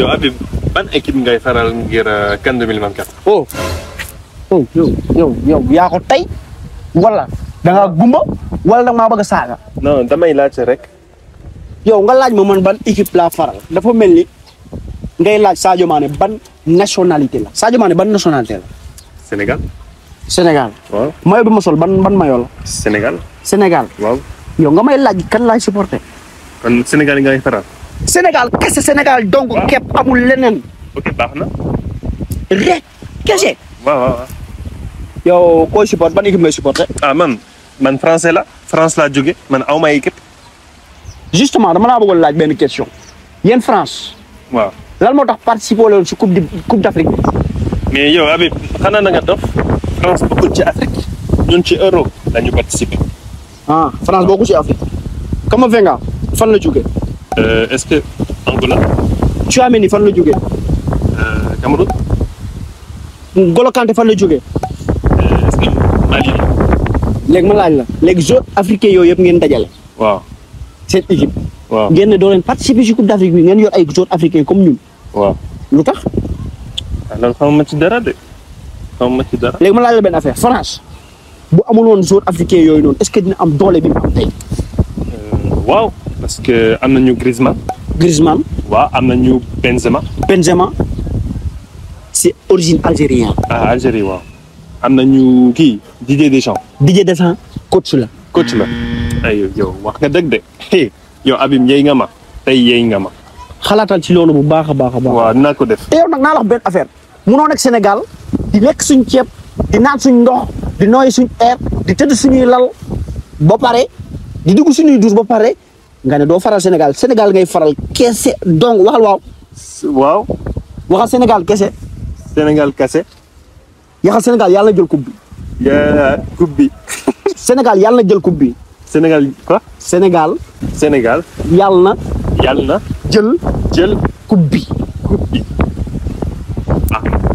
Yo abi ban équipe ngay faral ngir kan 2024 oh oh yo, yo, yo, ya ko tay wala da nga gumba wala da nga bëgg saga. non damay laaj rek Yo nga laaj mo man ban équipe la faral dafa mel ngay laaj Sadio Mané ban nationalité la Sadio Mané ban nationalité la Sénégal Sénégal Wow. mayo bi ban ban mayo la Sénégal Sénégal Wow. Yo nga may laaj kan lay supporter Kan Sénégal ngay faral Sénégal kese Sénégal donc képp amul leneen. baax na. rek kese. waaw yow koo supporte ban équipe ngay supporte ah, man man français la France laa jóge man aw ma équipe. justement dama laa bëggoon laaj benn question yéen France. waaw lan moo tax participer leen si coupe di mais yow Habib xanaa na nga dof France bokkul ci Afrique ñun ci Europe la ñu ah, France bokkul ci Afrique. Camavinga fan la jóge Euh, est-ce que Angola. Tchouaméni fan la jóge euh, Cameroun. Ngolo Kanté fan la jógee. Euh, est-ce la. léegi ma laaj la léegi zone africain yooyu yëpp ngeen dajale. waaw. seen équipe. ngeen ne doo leen participer ci coupe d'Afrique bi ngeen yor ay zone africain comme ñun. waaw lu tax. alors ah, ma ci dara de ma ci dara. léegi ma laaj la benn affaire France bu amul woon zone africain yooyu noonu est-ce que dina am doole bi mu am tey. waaw. parce que am Griezmann. Griezmann. Ouais, am Benzema. Benzema c'est origine algérien. ah Algérie ouais. am nañu kii Didier Deschamps. Didier Deschamps coach la. coach là. Ayo, yo, wax nga deug de hey yo, abim yey nga ma Tay yey nga ma. xalaatal ci loolu bu baax a baax a ko def. te nak na la wax benn affaire munoo nekk Sénégal di nek suñu ceeb di naan suñu ndox di nooy air di tëdd suñu lal ba pare di dugg suñu douche ba pare. nga ne doo faral Sénégal Sénégal ngay faral kese donc waxal waaw. waaw. waxal Sénégal kese. Sénégal kese. yaxal Sénégal yàlla jël coupe bi. yaa coupe bi. Sénégal yàlla jël coupe bi. Sénégal quoi. Sénégal. Sénégal. na. yàlla na jël. jël coupe bi. bi. Ah.